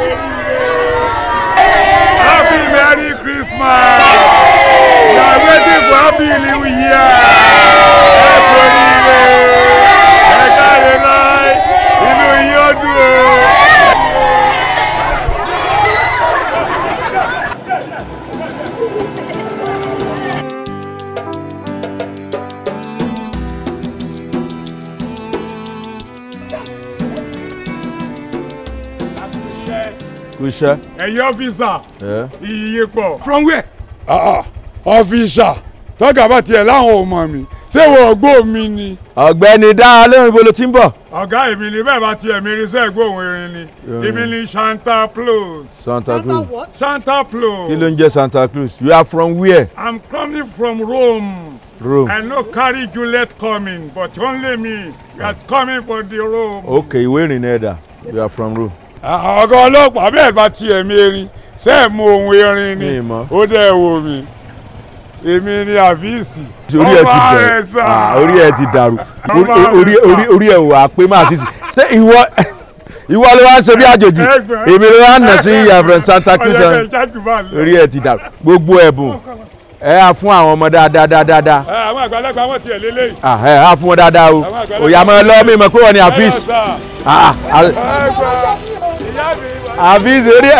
y e a ṣe. ẹ̀yin ọ́fíìsà iye pọ̀. from where. Ah, ah, ọ́fíìsà tọ́gà bá tiẹ̀ láwọn ò mọ̀ mi ṣé wọ́n gbó mi ni. ọ̀gbẹ́ni dáa lóhùn ibo ló ti ń bọ̀. ọ̀gá èmi ni bẹ́ẹ̀ bá tiẹ̀ mi rí sẹ́ẹ̀gbọ́ òun irin ni èmi ni santa claus. santa claus santa claus. kí ló ń jẹ́ santa claus you are from where. i'm coming from rome. Rome. I no carry Juliet coming, but only me. That's coming for the Rome. Okay, ìwé ìrìnnà ẹ̀dà. You are from Rome ọ̀gá ọlọ́pàá bẹ́ẹ̀ bá ti ẹ̀mí erin ṣe é mú ohun erin ni ó dẹ̀ wò mí èmi ni àfíìsì ọba rẹ sà ah, orí ẹ ti dàrú orí ẹ wà pé má sísì ṣé ìwọ ìwọ ló wá ń ṣe bí àjèjì èmi ló wá ń nà sí yàrá santa cruz orí ẹ ti dàrú gbogbo ẹ̀bùn ẹ á fún àwọn ọmọ dáadáa dáadáa. àwọn àgbàlagbà wọn tiẹ̀ lélẹ̀. Ah, ẹ á fún wọn dáadáa o òyàmọ̀ lọ́ọ́ mímọ̀ pé wọ́n ni àfíìsì àbí ìṣeré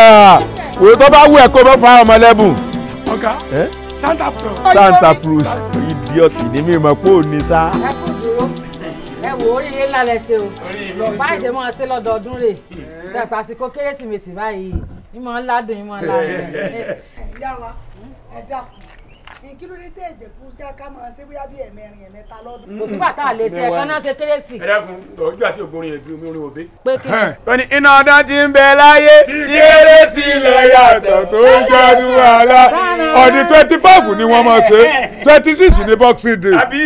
wò tó bá wù ẹ́ kó bá fa ọmọ lẹ́bùn. ọ̀gá santa cruz. santa cruz idiot ni mi mọ̀ pé ò ní sá. ẹ wò ó oríire ńlá lẹ ṣe o bá ìṣe máa ṣe lọ́dọọdún rè ṣe pàṣípò kérésìmesì báyìí ìmọ̀ ńlá dùn ìmọ̀ ńlá rẹ̀. yàrá ẹ dákun kí ló dé kú já ká máa ṣe bóyá bí ẹ̀mẹrin ẹ̀mẹta lọ́dún. kò sígbà tá a lè ẹ̀kan náà ṣe kérésì. ẹ dákun ọjọ́ àti ògbórin ẹ̀gbin omi orin òbí. pé kí ni. iná ọdún ti ń bẹ láyé kérésì lọ yàtọ̀ tó ń gbádùn wàhálà ọdún twenty five ni wọ́n máa ṣe twenty six ni boxing day. àbí.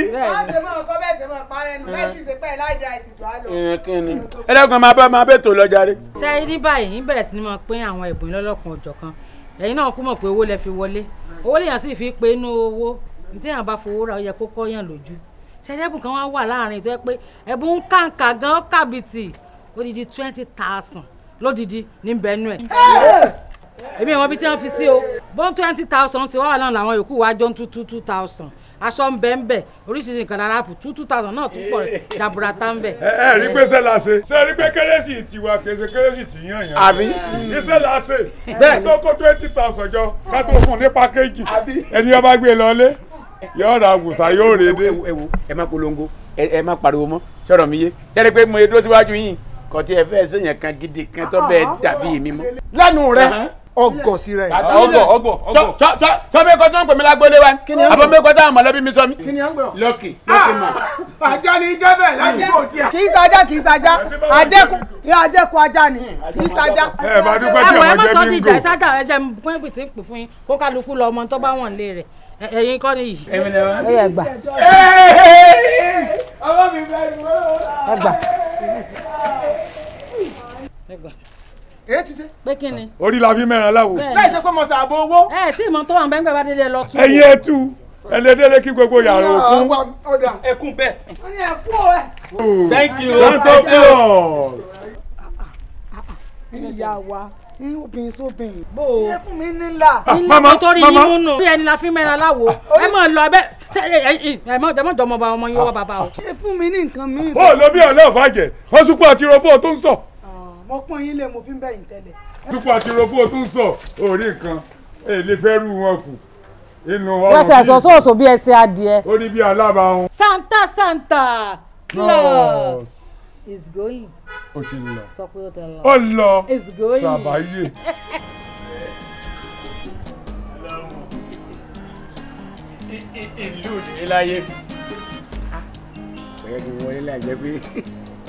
ẹ dákun máa bẹ́ẹ̀ tó lọ jàre. ṣe é báyìí ń bẹ̀rẹ̀ sí ni mo pín àwọn ẹ̀bùn lọ́lọ́kun ọ̀jọ̀kan ẹ̀yin náà kú mọ̀ pé owó lẹ fi wọlé owó lèèyàn sì fi pé inú owó ní téèyàn bá fowó ra ó yẹ kó kọ́yàn lójú ṣẹ́dẹ́bùn kan wá wà láàrin tó pé ẹ̀bùn ń kàǹkà gan kàbìtì odidi twenty thousand lódidi níbẹ̀ nú ẹ̀ èmi ìwọ̀n bíi tí wọ́n o twenty thousand ṣe wá wà náà làwọn yòókù aṣọ ń bẹ ń bẹ oríṣiríṣi nǹkan lára àpò two two thousand náà tún pọ̀ jàbùrà tá ń bẹ. ẹ ẹ rí pé sẹ́ la ṣe. ṣé rí pé kérésì tiwa kèsè kérésì ti yàn yàn. àbí ní sẹ́ la tó kó twenty thousand jọ ká tó fún un ní pákéjì ẹni yóò bá gbé lọ lé yóò ra àgùntàn yóò rèé dé. ẹ wo ẹ má polongo ẹ má pariwo mọ́ sọ̀rọ̀ mi yé tẹ́lẹ̀ pé mo dúró síwájú yín kọ̀tí ẹ fẹ́ sèyàn kan gidi kan tó bẹ́ẹ̀ dàbí mi mọ́. lẹ́nu rẹ̀ ọgọ sí rẹ. ọgọ ọgọ ọgọ. sọ mi kọ́ tó ń pè mí lágbóni wa àbọ̀ mi kọ́ tó àwọn mọ̀lẹ́bí mi sọ mi. lọ́kì lọ́kì mọ̀. àjọ ni ijẹ́ bẹ́ẹ̀ ládùúgbò tiẹ̀. kì í sajá kì í sajá àjẹkù àjẹkù ajá ni hmm, kì í sajá. ẹ bá dúpẹ́ tí ọmọ jẹ́ mi ń gò. ẹ má sọ di ìjà ìsájà ẹ jẹ́ pọ́n gbèsè pè fún yín kó kálukú lọ ọmọ tó bá wọn lé rẹ̀ ẹ̀yin kọ́ nìyí. èmi lè wá. ẹ gbà. ọwọ́ mi bẹ́ẹ̀ ni wọ́n. ẹ gbà. ẹ gbà èyí ti ṣe. pé kí ni. orí la fi mẹ́ran láwo. láì ṣe pé mo ṣàbò owó. ẹ tí mo tó wà bẹ́ńgbẹ́ bá délé lọ tú. ẹyin etu ẹlẹdẹlẹ kí gbogbo yàrá òkun. ẹkún bẹ́ẹ̀. ó ní ẹkú ẹ. thank you. santo plus. ìyá wa obìnrin sóbìnrin. bó o ẹ fún mi nílà. Ah, mama mama bí ẹni la fi mẹ́ra láwo ah, ẹ mọ̀ lọ abẹ́ ẹ mọ̀ jọmọ̀ jọmọ̀ bá ọmọ yín wá ah, bàbá o. ẹ fún mi ní nǹkan mi. ó lọ bí ọlọ́ọ̀fà jẹ ó tún pọ̀ àti tó ń sọ mo pọ́n yín lé mo fi ń bẹ̀yìn tẹ́lẹ̀. dúpọ̀ àti robó tún sọ orí nǹkan èlé fẹ́ rú wọn kù inú ọrùn bíi wọ́n sọ sóòsò bíi ẹsẹ̀ adìẹ. ó ní bí alába wọn. santa santa claus is going. ó ti lọ sọ pé ó ti lọ. ó lọ is going. sàbáyé. ìlú òdìrí láyé. pẹ̀lú ah. ìwọlé láyé pé.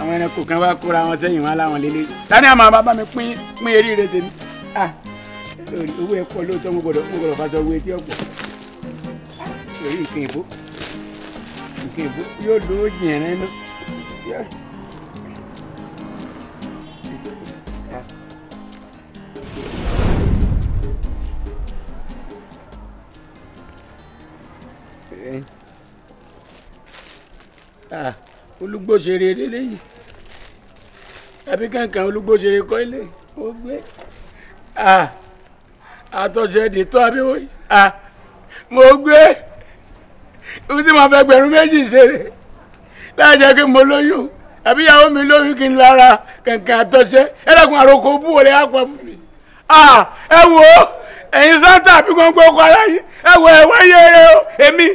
àwọn ẹranko kan wá kóra wọn sẹ́yìn wọn láwọn lélẹ̀ tani àmọ́ bàbá mi pín pín eré rẹ tèmi ah owó ẹ pọ̀ mo gbọ́dọ̀ mo gbọ́dọ̀ fàṣọ owó etí ọ̀pọ̀ lórí nǹkan ìbò nǹkan ìbò yóò dúró jìnyẹn rẹ náà. Ah olúgbòsèré eléyìí àbí kankan olúgbòsèré kọ́ ilé ó gbé àtọ̀sẹ̀ dètò àbíwò mo gbé ibi tí mo fẹ́ gbẹ̀rún méjì ṣeré láì jẹ́ kí mo lóyún àbí ìyàwó mi lóyún kí n lára kankan àtọ̀sẹ̀ ẹlẹ́kùn àròkọ bú wọlé àpọ̀ fún mi ẹ wò ó ẹ̀yin santa àbí gbogbo ọkọ ara ẹ wò ẹ wáyé rẹ o èmi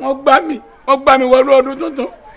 wọ́n gbá mi wọ́n gbá mi wọnú ọdún tuntun.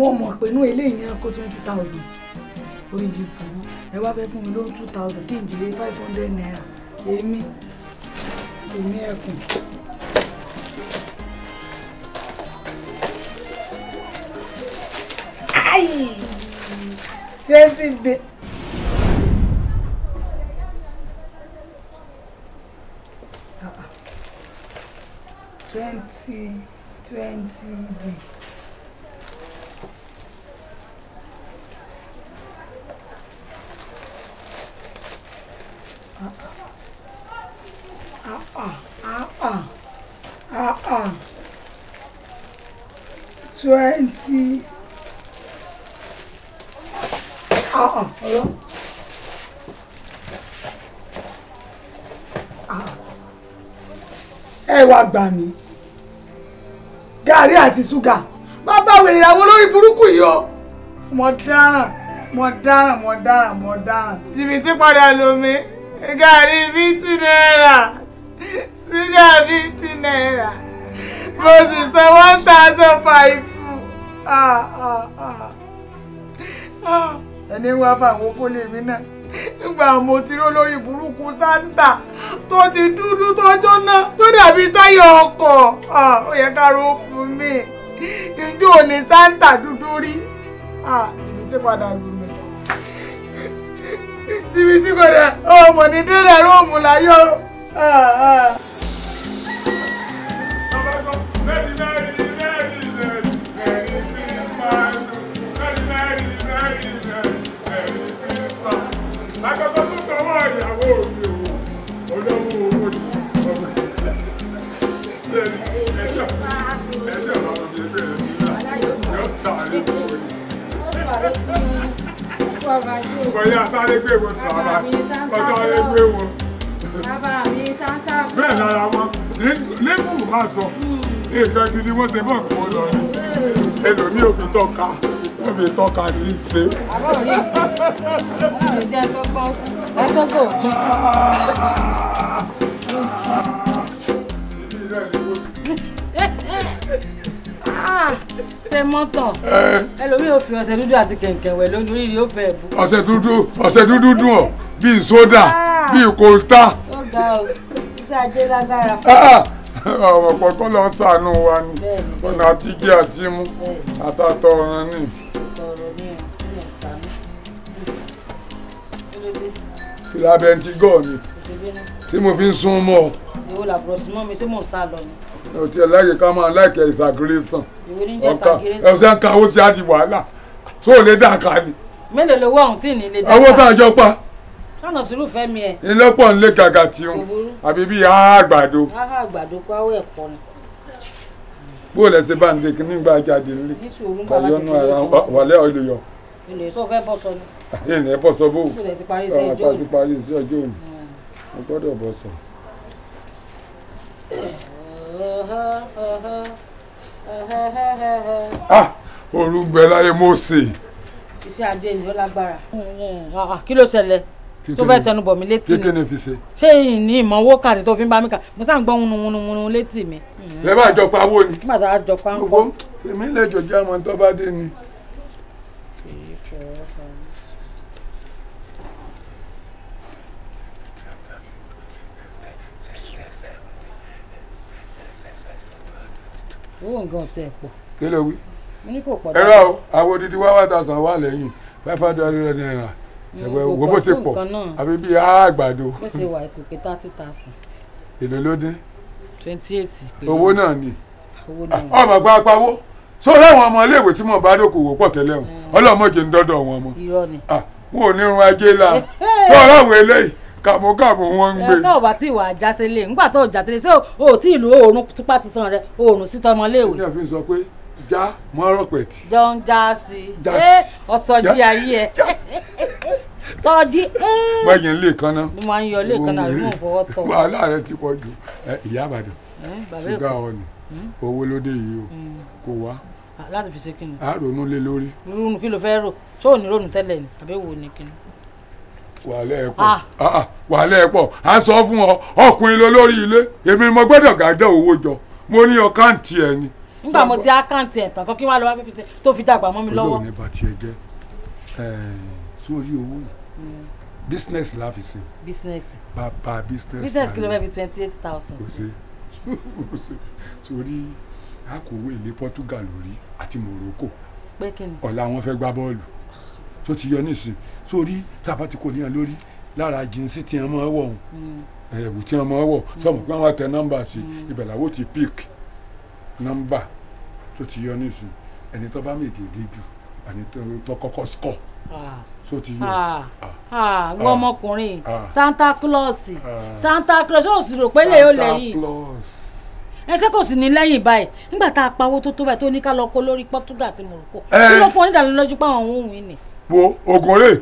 mo mọ̀ pé inú eléyìí yẹn kó twenty thousand orí ibi burú ẹ wá fẹ́ fún mi lóhun two thousand kí n jèrè five hundred naira èmi èmi ẹkùn. Ah, ah. twenty bit. twenty twenty bit. twenty ah, ah, ah ẹ wá gbà mí gàrí àti ṣúgà bàbá wèrè àwọn olórí burúkú yìí o mo dáràn mo dáràn mo dáràn mo dáràn jìbìtì padà lómi gàrí bíi tún náírà síra fifty naira mo sì san one thousand five fún ah, ah, ah. ẹni wá bá àwọn fólè mi náà nígbà mo ti rí olórí burúkú santa tó ti dúdú tó jóná tó dàbí táyà ọkọ̀ ó yẹ ká ro fún mi ìjọ òní santa dúdú rí ìbí tí padà lù mí tìbí tí padà ọmọ ní délẹ̀ róòmù láyọ̀. akọ́kọ́ tó tọwọ́ ìyàwó mi o olówó owó ni ọmọ ẹjọ́ ẹjọ́ bàbá mi ẹgbẹ́ rẹ̀ nígbà yóò sáré owó ni. bọ̀yá sáré gbé wọn tó àbá sáré gbé wọn. bẹ́ẹ̀ lára wọn lẹ́mù bá sọ èèkàn hmm. gidi wọ́n ti bọ̀ kó lọ ni ẹlòmíì ò fi tọ́ ka to be talk and did say. ṣe mọ́tọ̀ ẹlòmíì ò fi ọṣẹ dúdú àti kẹ̀kẹ́ wẹ̀ lójú rírì ó fẹ́ bù. ọṣẹ dúdú ọṣẹ dúdú dùn ọ bíi sódà ah. bíi kòńtà. ó ga ọ iṣẹ́ ajé lágbára. Ah, ah ọmọ pọ̀kọ́ lọ sànú wa ni ọ̀nà àtijọ́ àti mú àtàtọ̀ ọ̀ràn ni. fìlà bẹntigọ́ ni tí mo fi ń sún mọ́ ọ. ìwọ làbúrò sí mọ́ mi tí mò ń sá lọ ni o ti ẹlẹ́yẹ ká máa láìkẹ́ ìsàgéré sàn ọ̀ka ẹ̀sẹ̀ ń ka owó tí a di wàhálà tó lè dà ká ni. mélòó lowó ọ̀hún tí ì ní lè dá ká. owó tá a jọ pa kánà sùúrù fẹ́mi ẹ̀. ilọ́pọ̀ ń lé gàgà tí ó àbí bí háhá àgbàdo. háhá àgbàdo kó àwọn ẹ̀kọ́ ni. bó o lẹ ṣe bá ń de kíní gba jáde nílé kọyọnú ara wàlẹ́ ọ̀lẹ́ yọ. ilé tó fẹ́ bọ́ sọ ni. ilé bọ́ sọ bó o àwọn ti parí iṣẹ́ ọjọ́ òní hmm. mo gbọ́dọ̀ bọ́ sọ. ah orúgbẹ láyé mo sè. iṣẹ́ ajé ìlú lágbára. Hmm, hmm. Ah, ah, kí ló ṣẹlẹ̀ tó fẹ́ tẹnu bọ̀ mí létí ni kékeré fi ṣe. ṣé ìní ìmọ̀wó kàrí tó fi ń bá mi kà mo sá ń gbọ́ wúnúwúnúwúnú létí mi. ẹ bá jọ pa owó ni. nígbà tá a jọ pa ń kọ́. gbogbo èmi lẹ́jọ̀ jẹ́ àmọ́ tó bá dé ni. owó nǹkan ọ̀sẹ̀ pọ̀. kí ló wí. mo ní kò pọ̀ dáadáa. ẹ rà o àwọn odidi wá wá tàṣà wà lẹ́yìn five hundred naira ẹgbẹ́ wo bó ṣe pọ̀ àbí bí àgbàdo. bó ṣe wà ìpèpè thirty thousand. èlò ló dín. twenty eight péré owó náà ni ọmọ gba apawó sórí àwọn ọmọ iléèwé tí mo bá dókòwò pọ̀ tẹ́lẹ̀ wọn ọlọ́mọdé ń dọ́dọ̀ wọn mọ́ ah, wọn ò ní run ajé la sórí eh, àwọn eh. eléyìí kàmúkàmú wọn ń gbé. ẹ sọ ọba tí ìwà àjàsílẹ̀ ńgbà tó jàtẹlẹ sí o tí ìlú oòrùn tupa ti san rẹ oòrùn sí tọmọléèwé. ìyá fi sọ pé já mọ́rọ̀ pẹ̀tì. jọ ń já sí i eh, ọ̀sọ̀ jí ayé ẹ. sọdí. gbẹ̀yìn lè kan náà. mo máa ń yọ lè kan náà àbí mo fọwọ́ tọ. wàhálà rẹ ti pọ̀ jù ìyá àbàdàn ṣúgà ọ̀nì hmm? owó lóde yìí o hmm. kò wá. láti fi ṣe kí ni. a ronú lé lórí. ronú kí ló fẹ́ rò tó ò ní ronú tẹ́lẹ̀ ni àbí wo ni kí ni. wàhálà ẹ̀ pọ̀ wàhálà ẹ̀ pọ̀ a sọ fún ọ ọkùnrin ló lórí ilé èmi mo gbọ́dọ̀ gàdá owó jọ mo ní ọkáǹtì ẹ ni. nígbà mo ti àkáǹtì ẹ̀ tán kí wọ́n á lọ wá fífi tó fi dàgbà mọ́ mi lọ́wọ́. olóòní bá tiẹ̀ jẹ́ ẹ̀ẹ́ sórí owó yìí hmm. business la fi se business. bàbá business. business kìlọ̀ bẹ́ẹ̀ fi twenty eight thousand. kò sí kò sí sórí akòwé ilé Portugal lórí àti Morocco. pé kí ni. ọ̀la wọn fẹ́ gbá bọ́ọ̀lù tó ti yọ nísìn sórí tàbá ti kò níyàn lórí lára jíǹsì tí wọn máa wọ̀ ọ̀hún ẹ̀wù hmm. eh, tí wọn máa wọ̀ sọ̀mù pé wọn tẹ nọ́mbà sí hmm. ibẹ̀ làwọn ti pík nọ́mbà tó ti yọ nísìn ẹni tó bá mèdè dé jù àní tó kọ́kọ́ sọ so ah. ti yọ. Ah. Ah. wọ ọmọkùnrin Santa Claus Santa Claus ó sì rò pé lè yóò lẹ́yìn ẹsẹ kò sì ní lẹ́yìn báyìí nígbà tá a pawó tó tó báyìí tó ní ká lọ kó lórí Portugal tí mo rò kó eh. kí ló fún onídàánilójú pé àwọn ohun ìní. wo oògùn rèé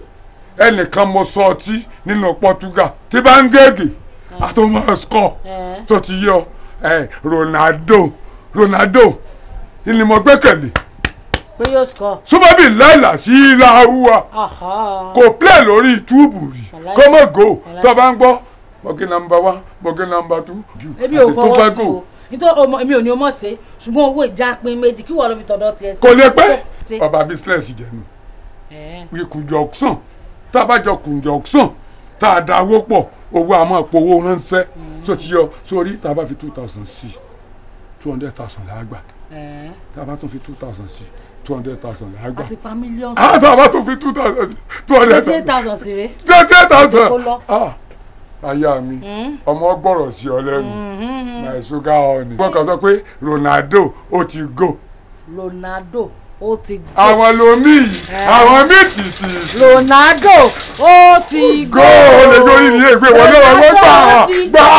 ẹnìkan mo sọ ọtí nínú Portugal tí bá ń gègé atomus eh. tó ti yọ eh, Ronaldo Ronaldo ni mo gbẹ́kẹ̀lé pé yóò sọ. súnmọ́bì láìlà sí ilà awúwa kò plẹ̀ lórí túùbù rí kọ́mọ̀gò tó bá ń gbọ́ bọ́gí nàmbà wá bọ́gí nàmbà tú ju àti tó bá gò. nítorí ọmọ èmi ò ní ọmọ ṣe ṣùgbọ́n owó ìjà pin méjì kí wọ́n lọ fi tọ̀dọ̀ tiẹ̀ sí. kò lè pẹ́ ọba bísíǹsì jẹnu ìkùjọ sàn tá a bá jọ kùjọ sàn tá a dáwó pọ̀ owó àmọ́ ìpowó ránṣẹ́ tó mm. ti yọ sórí tá a bá fi two thousand sí two hundred thousand làá tá a bá tún fi two thousand sí two hundred thousand la gbà. àti pa mílíọ̀nù. a sọ àbá tó fi two thousand two hundred thousand. twenty thousand sí rè. twenty thousand. kó lọ. aya mi hmm. ọmọ gbọ́rọ̀ sí ọ lẹ́nu hmm, hmm, my sugar honey. wọ́n kàn sọ pé Ronaldo ó ti go. Ronaldo ó ti go. àwọn lomi yìí àwọn méjì ti. Ronaldo ó ti go. go olè lórí ilé ìgbé wọlé wọn gbà gbà.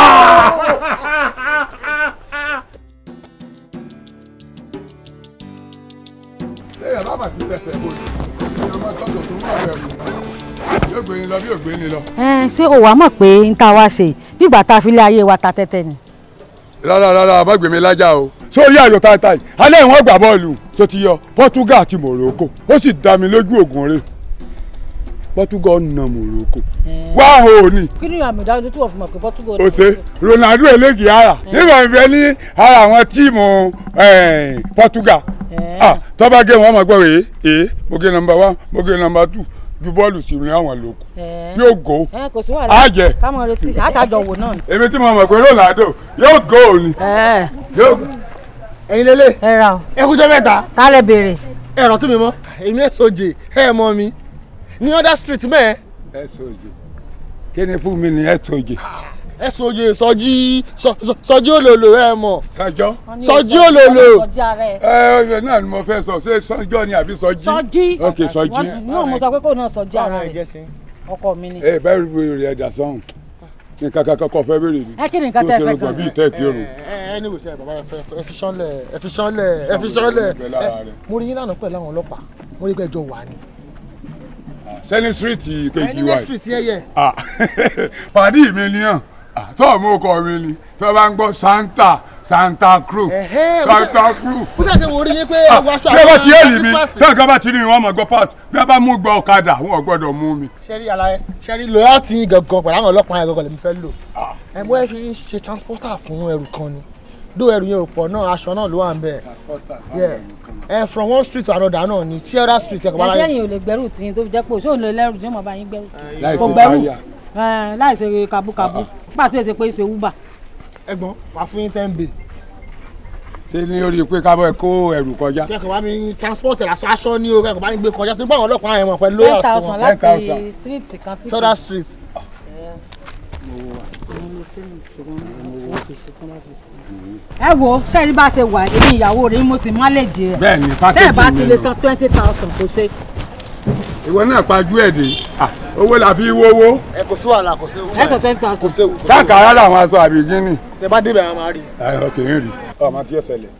lẹ́yìn bàbà ti tẹ̀sẹ̀ bòlù ní ọmọ tọ́jú tó wà rẹ̀ mú yóò gbé ni lọ bí yóò gbé ni lọ. ẹ ṣé o wàá mọ̀ pé n ta wá ṣe bí ìgbà fi lé ayé wa ta tẹ́tẹ́ ni. rárá rárá má gbèmí lájà o sórí ayò tata yìí alẹ́ wọn gbà bọ́ọ̀lù tó ti yọ Portugal àti Morocco ó sì dá mi lójú ògùn rẹ̀ Portugal nà Morocco wá o ní. kí ni àmì ìdájọ́ tí wọ́n fi mọ̀ pé Portugal nà. òsè Ronaldo eléyìí ara nígbà wípé ní ara àwọn tíìmù Portugal Eh. ah tó bá gé wọn máa gbọ́ rèé ee eh, mo gé nọmba one mo gé nọmba two ju bọ́ọ̀lù sí ní àwọn lòkù eh. yóò go àjẹ kámọ retí àṣàjọwò náà. èmi tí mo mọ̀ pé lóòlà àdó yóò go òní. ẹ̀yin lélẹ̀ ẹ kújọ mẹ́ta. tálẹ̀ béèrè. ẹ rántí mi mọ́ èmi ẹ̀ sojè ẹ̀ mọ́ mi ní other street mẹ́ẹ̀. ẹ sojè kí ni fún mi ni ẹ sojè. Ah. ẹ sọjọ sọjí sọjí olòlò ẹ mọ. sọjọ sọjí olòlò. ẹ ẹ náà ni mo fẹ́ sọ ṣé sọjọ ni àbí sọjí. sọjí ok sọjí. náà mo sọ pé kò náà sọjí ara rẹ ọkọ mi ni. ẹ bá rí bèrè ẹ̀dà sọ́hùn ní kankan kankan fẹ́ bèrè ni. ẹ kí ni nǹkan tẹ́ fẹ́ gan-an. tó ṣe gbọ̀n bíi tẹ́ẹ̀kì òrùn. ẹ ẹ ní ìwòsàn bàbá ẹ fi sánlẹ̀ ẹ fi sánlẹ̀ ẹ fi sánlẹ̀ ẹ mo rí yín lánàá pẹ̀lú àwọn ọlọ́pàá mo rí pé ẹjọ́ wà ni sẹ́ni street kejì wa yìí pàdé mi ni hàn tó mú kọ mi ni tó bá ń gbọ́ santa santa cruz santa cruz. bó ṣàṣe wò ó rí yín pé ah, wàá ṣọ àwọn christmas. bí wọ́n ti yé mi tó nǹkan bá ti rí wọn mọ̀ gbọ́ part bí wọ́n bá mú gbọ́ ọ̀kadà wọn ò gbọ́dọ̀ mú mi. sẹ́rí alaye sẹ́rí lọ́yà tí gangan pẹ̀lú àwọn ọlọ́pàá yẹn gangan lèmi fẹ́ lò. Ah. ẹ mọ ẹ fi ń ṣe transporter fún ẹrù kan ni dó ẹrù yẹn ò pọ̀ náà aṣọ náà ló wà ń bẹ̀ ẹ from one street to another náà ni tí other street ẹ kọ́ bá láyé. ẹ̀ṣẹ́ yìí ò lè gbẹ́rù tí yín tó fi jẹ́ pé òṣèlú ẹlẹ́rù tí yóò mọ̀ bá yín gbẹ́rù kò gbẹ́rù Eh, láì ṣe kabúkabú ah, ah. nígbà tó yẹ ṣe pé ṣe uber. ẹ̀gbọ́n wà fún yín ten bay. ṣé ní orí pé kábọ̀ ẹ kó ẹrù kọjá. kẹ́kọ̀ọ́ bá mi transport aṣọ aṣọ ní orí ẹ̀kọ́ bá mi gbé kọjá torí báwọn ọlọ́kùnrin àyẹ̀wò pẹ̀lú ọ̀sán. ten thousand láti street kan sí. soda street. Ah. ẹ wo sẹ́ẹ̀rí bá ṣe wà èmi ìyàwó rẹ̀ mo sì málèjì ẹ̀. bẹ́ẹ̀ ni pákéjì mi o tẹ́ẹ̀ bá ti lè san twenty thousand kò ṣe. ìwọ náà pajú ẹ̀ dé owó la fi wówó. ẹ kò sí wàhálà kò séwu. ẹ kò ten thousand. kò séwu. sáàkàrà làwọn aṣọ àbí gíní. tẹ bá débẹ̀ àwọn máa rí. ẹ kì í rí ọmọ tí yóò ṣẹlẹ̀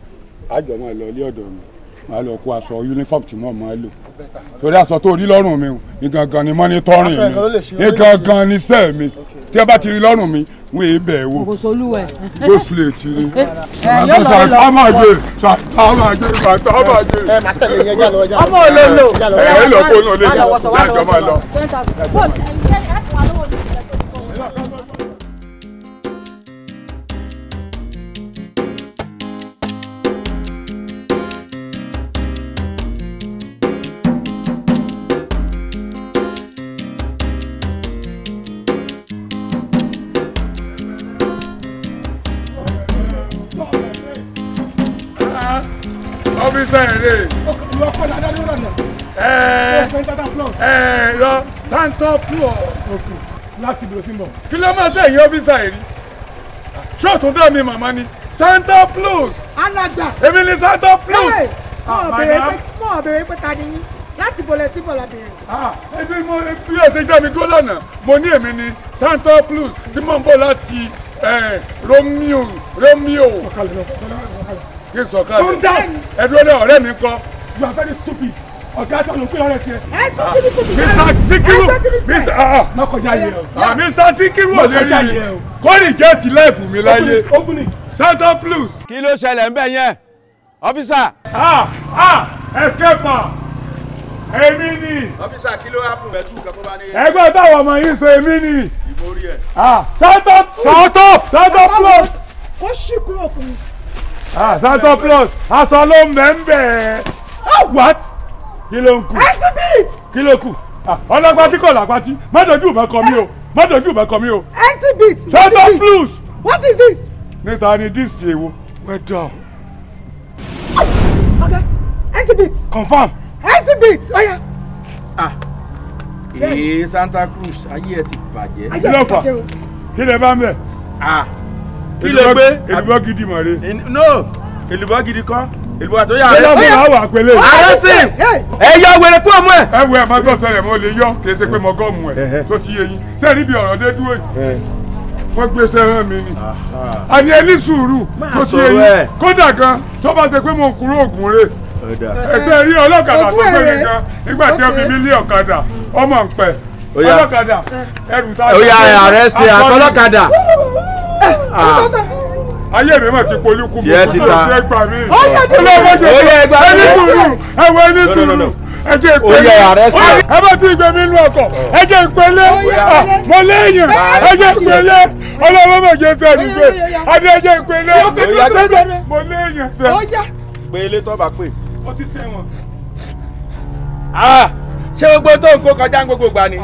àjọ máa lọ ilé ọ̀dọ̀ mi máa lọ kó aṣọ uniform tí mo máa lò torí aṣọ tó rí lọ́rùn mi ní gangan ni mọ́nítọ́rìn mi ní gangan ni sẹ́ẹ̀ mi tí ẹ bá ti rí lọ́rùn mi wọ́n èyí bẹ̀ ẹ́ wò gbósù ti rí ọmọ àgbè ṣàtà ọmọ àgbè ṣàtà ọmọ àgbè ọmọ olólo ẹ̀yìn lọ́kọ́ náà lè jẹ́ àjọ máa lọ. bẹ̀rẹ̀ lè. ìwọ kọ́ ládá ló rànà. ẹ̀ẹ́ ẹ̀rọ santo pure òkè láti bèrè fíìmù. kí ló máa ṣe èyí ọ́fíìsà yìí rí ṣóòtún bẹ́ẹ̀ mi màmá ni santo plus. alàgbà èmi ni santo plus. Ah, mọ̀ bèrè pé ta ni yín láti bọ̀lẹ̀ tí bọ̀lá bèrè. Ah, ebi mo bí ẹsẹ̀ jẹ́ mi dúró lánàá mo ní èmi ni santo plus tí mò ń bọ̀ láti eh, romeo romeo yé sọ̀kan rẹ̀ ẹ̀dúró lé ọ̀rẹ́ mi kọ́. you are very stupid ọ̀gá tó ló pé ọ̀rẹ́ tiẹ̀. ẹ tún kí ni kò mr sikiru mr ah mọkànjá yẹ o. mr sikiru ò lè rí mi kórì jẹ́ ti láìpù mi láyé Santa Plus. kí ló ṣẹlẹ̀ ń bẹ̀ yẹn ọ́físà. ah ah escape ma èmi ni. ọ́físà kí ló hapun bẹ́ẹ̀ tún kẹ́kọ̀ọ́ bá ní. ẹgbẹ́ táwọn ọmọ yìí sọ èmi ni. ìmórí ẹ̀. ah Santa Santa Santa Plus. Ah, santa plus aṣọ ló ń bẹ̀ ń bẹ̀ ah, what kí ló ń kù kí ló kù ah, ọlọ́pàtí kò làpàtí má dojú ìbọn kọ mí o má dojú ìbọn kọ mí o santo plus what is this. níta ni dis ṣe wo. wẹ́dà. Okay. exhibit. Confirm. exhibit oya. ah ee santa cruz ayé ẹ ti bàjẹ́. ayé ẹ ti bàjẹ́ o. kí lè bá ń bẹ̀. ah kí lè gbé èlùbọ́ gidi mọ̀ rè. no èlùbọ́ gidi kọ́ èlùbọ́ àti oyà rẹ. ṣé ọmọ àwọn àpẹẹlẹ. ààrẹ sí ẹ yọ wẹrẹ kú ọmọ ẹ. ẹ wẹ ẹ máa gbọ́ sọ̀rọ̀ mọ́ lè yọ kì í ṣe pé mo gọ́ mu ẹ̀ tó ti yé yín sẹ́ẹ̀rí bí ọ̀rọ̀ dé dúró yìí wọ́n gbé sẹ́rán mi ni àní ẹni sùúrù tó ti yé yín kódà gan tó bá ṣe pé mo kúrò ògùn rè ẹgbẹ́ rí ọlọ́kadà tó gbé mi gan nígbà tí ó fi lé ọ̀kadà ọmọ ń pẹ́ ọlọ́kadà ẹrù tá a. ó Ah. ayé mi ma ti polúkú mi kúndé ọjọ́ ẹgbà mi olóòwò jòjò ẹni tùrù ẹwọ ẹni tùrù ẹjẹ ìpele ẹ bá ti gbẹmí inú ọkọ̀ oh. ẹjẹ ìpele mọ lẹ́yìn ẹjẹ ìpele olóòwò mọ jẹ sẹ ẹni gbé adé ẹjẹ ìpele mọ lẹ́yìn sẹ. pé ilé tó bá pè. ó ti sẹ́wọ̀n. Ah ṣé gbogbo tó ń kó kọjá ń gbogbo gbà ni.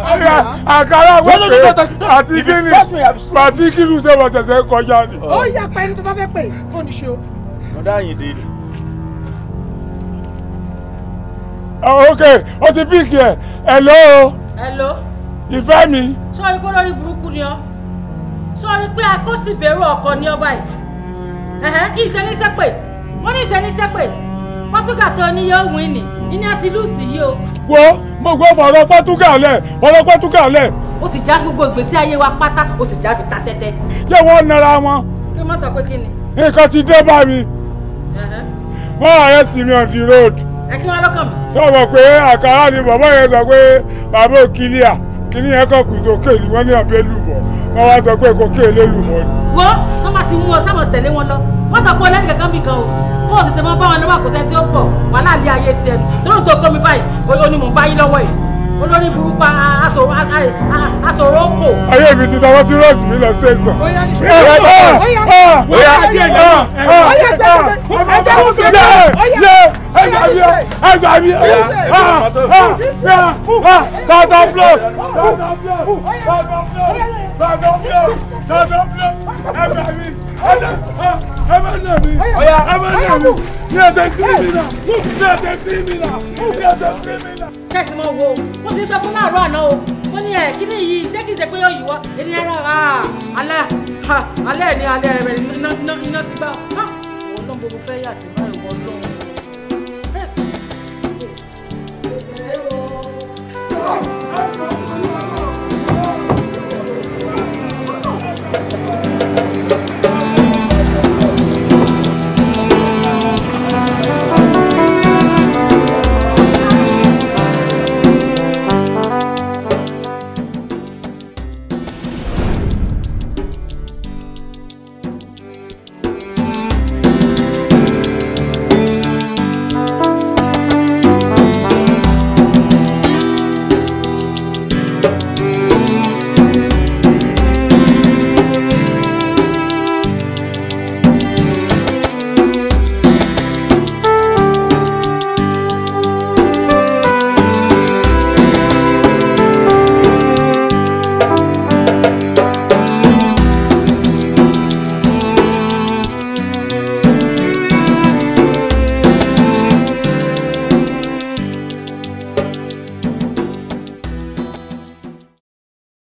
àkàrà wọ́pẹ́ àti kíni àti kíni tó wọ́n tẹ̀sẹ̀ kọjá ni. ó yà pé ẹni tó bá fẹ́ pè kó ní ṣe o. mo dáyìn dé ni. ok o ti píìkì ẹ hello. hello. ìfẹ́ mi. sọ́ọ́rí kó lórí burúkú ni ọ́ sọ́ọ́rí pé akọ́sìbẹ̀rù ọkọ ni ọba yìí. ìṣẹ́ ní sẹ́pẹ̀ wọ́n ní ìṣẹ́ ní sẹ́pẹ̀ pọ́túgà tó ní yóò win ni ìní àti lùsì yìí o. wo mo gbọ́ ọ̀rọ̀ pọ́túgà lẹ̀ ọ̀rọ̀ pọ́túgà lẹ̀. ó sì já gbogbo ìgbésí ayé wa pátá ó sì já fi ta tẹ́tẹ́. ṣé wọ́n nara wọn. kí má sọ pé kí ni. nǹkan ti dé bá mi. wọ́n ààrẹ sì mi on the road. ẹ kí wọ́n lọ́kàn mi. sọ̀rọ̀ pé àkàrà ni bàbá yẹn sọ pé bàbá òkìlíà kìnìyàn kan kùsùn òkè ni wọ́n ní àbẹ́lú bọ̀ wọ́n wá sọ pé kò kí elélu mọ́ ni. wo tó bá ti mú ọ sábà tẹ̀lé wọn lọ wọ́n sọ pé ọlẹ́ni kankan mi kan o kó o tètè mọ bá wọn lọ́wọ́ kò sẹ́ni tí ó pọ̀ wà láàlẹ́ ayé tiẹ̀ nù tó ń tó kọ́ mi báyìí ó ní mò ń báyìí lọ́wọ́ yìí olórí burúkú asòro kò. ayé mi ti tọwọ́ tí rose mi lọ station. bóyá bóyá bóyá bóyá bóyá bóyá bóyá bóyá bóyá bóyá bóyá bóyá bóyá bóyá bóyá bóyá ẹ gbà mí o ẹ gbà mí o sọdọ blo sọdọ blo sọdọ blo sọdọ blo sọdọ blo ẹ gbà mí ẹ má nà mí ẹ má nà mí ní ẹsẹ kírímìnà ní ẹsẹ kírímìnà ní ẹsẹ kírímìnà. kẹ́sì mọ wo mo ti sọ fún láàárọ̀ àná o mo ní ẹ̀ kí ni yìí ṣé kìí ṣe pé yóò yíwọ́ ènìyàn rẹ̀ ah, alẹ́ alẹ́ ni alẹ́ rẹ̀ iná ti gbá ọlọ́run gbogbo fẹ́ yà sí báyìí wọ́n lọ́wọ́. 走。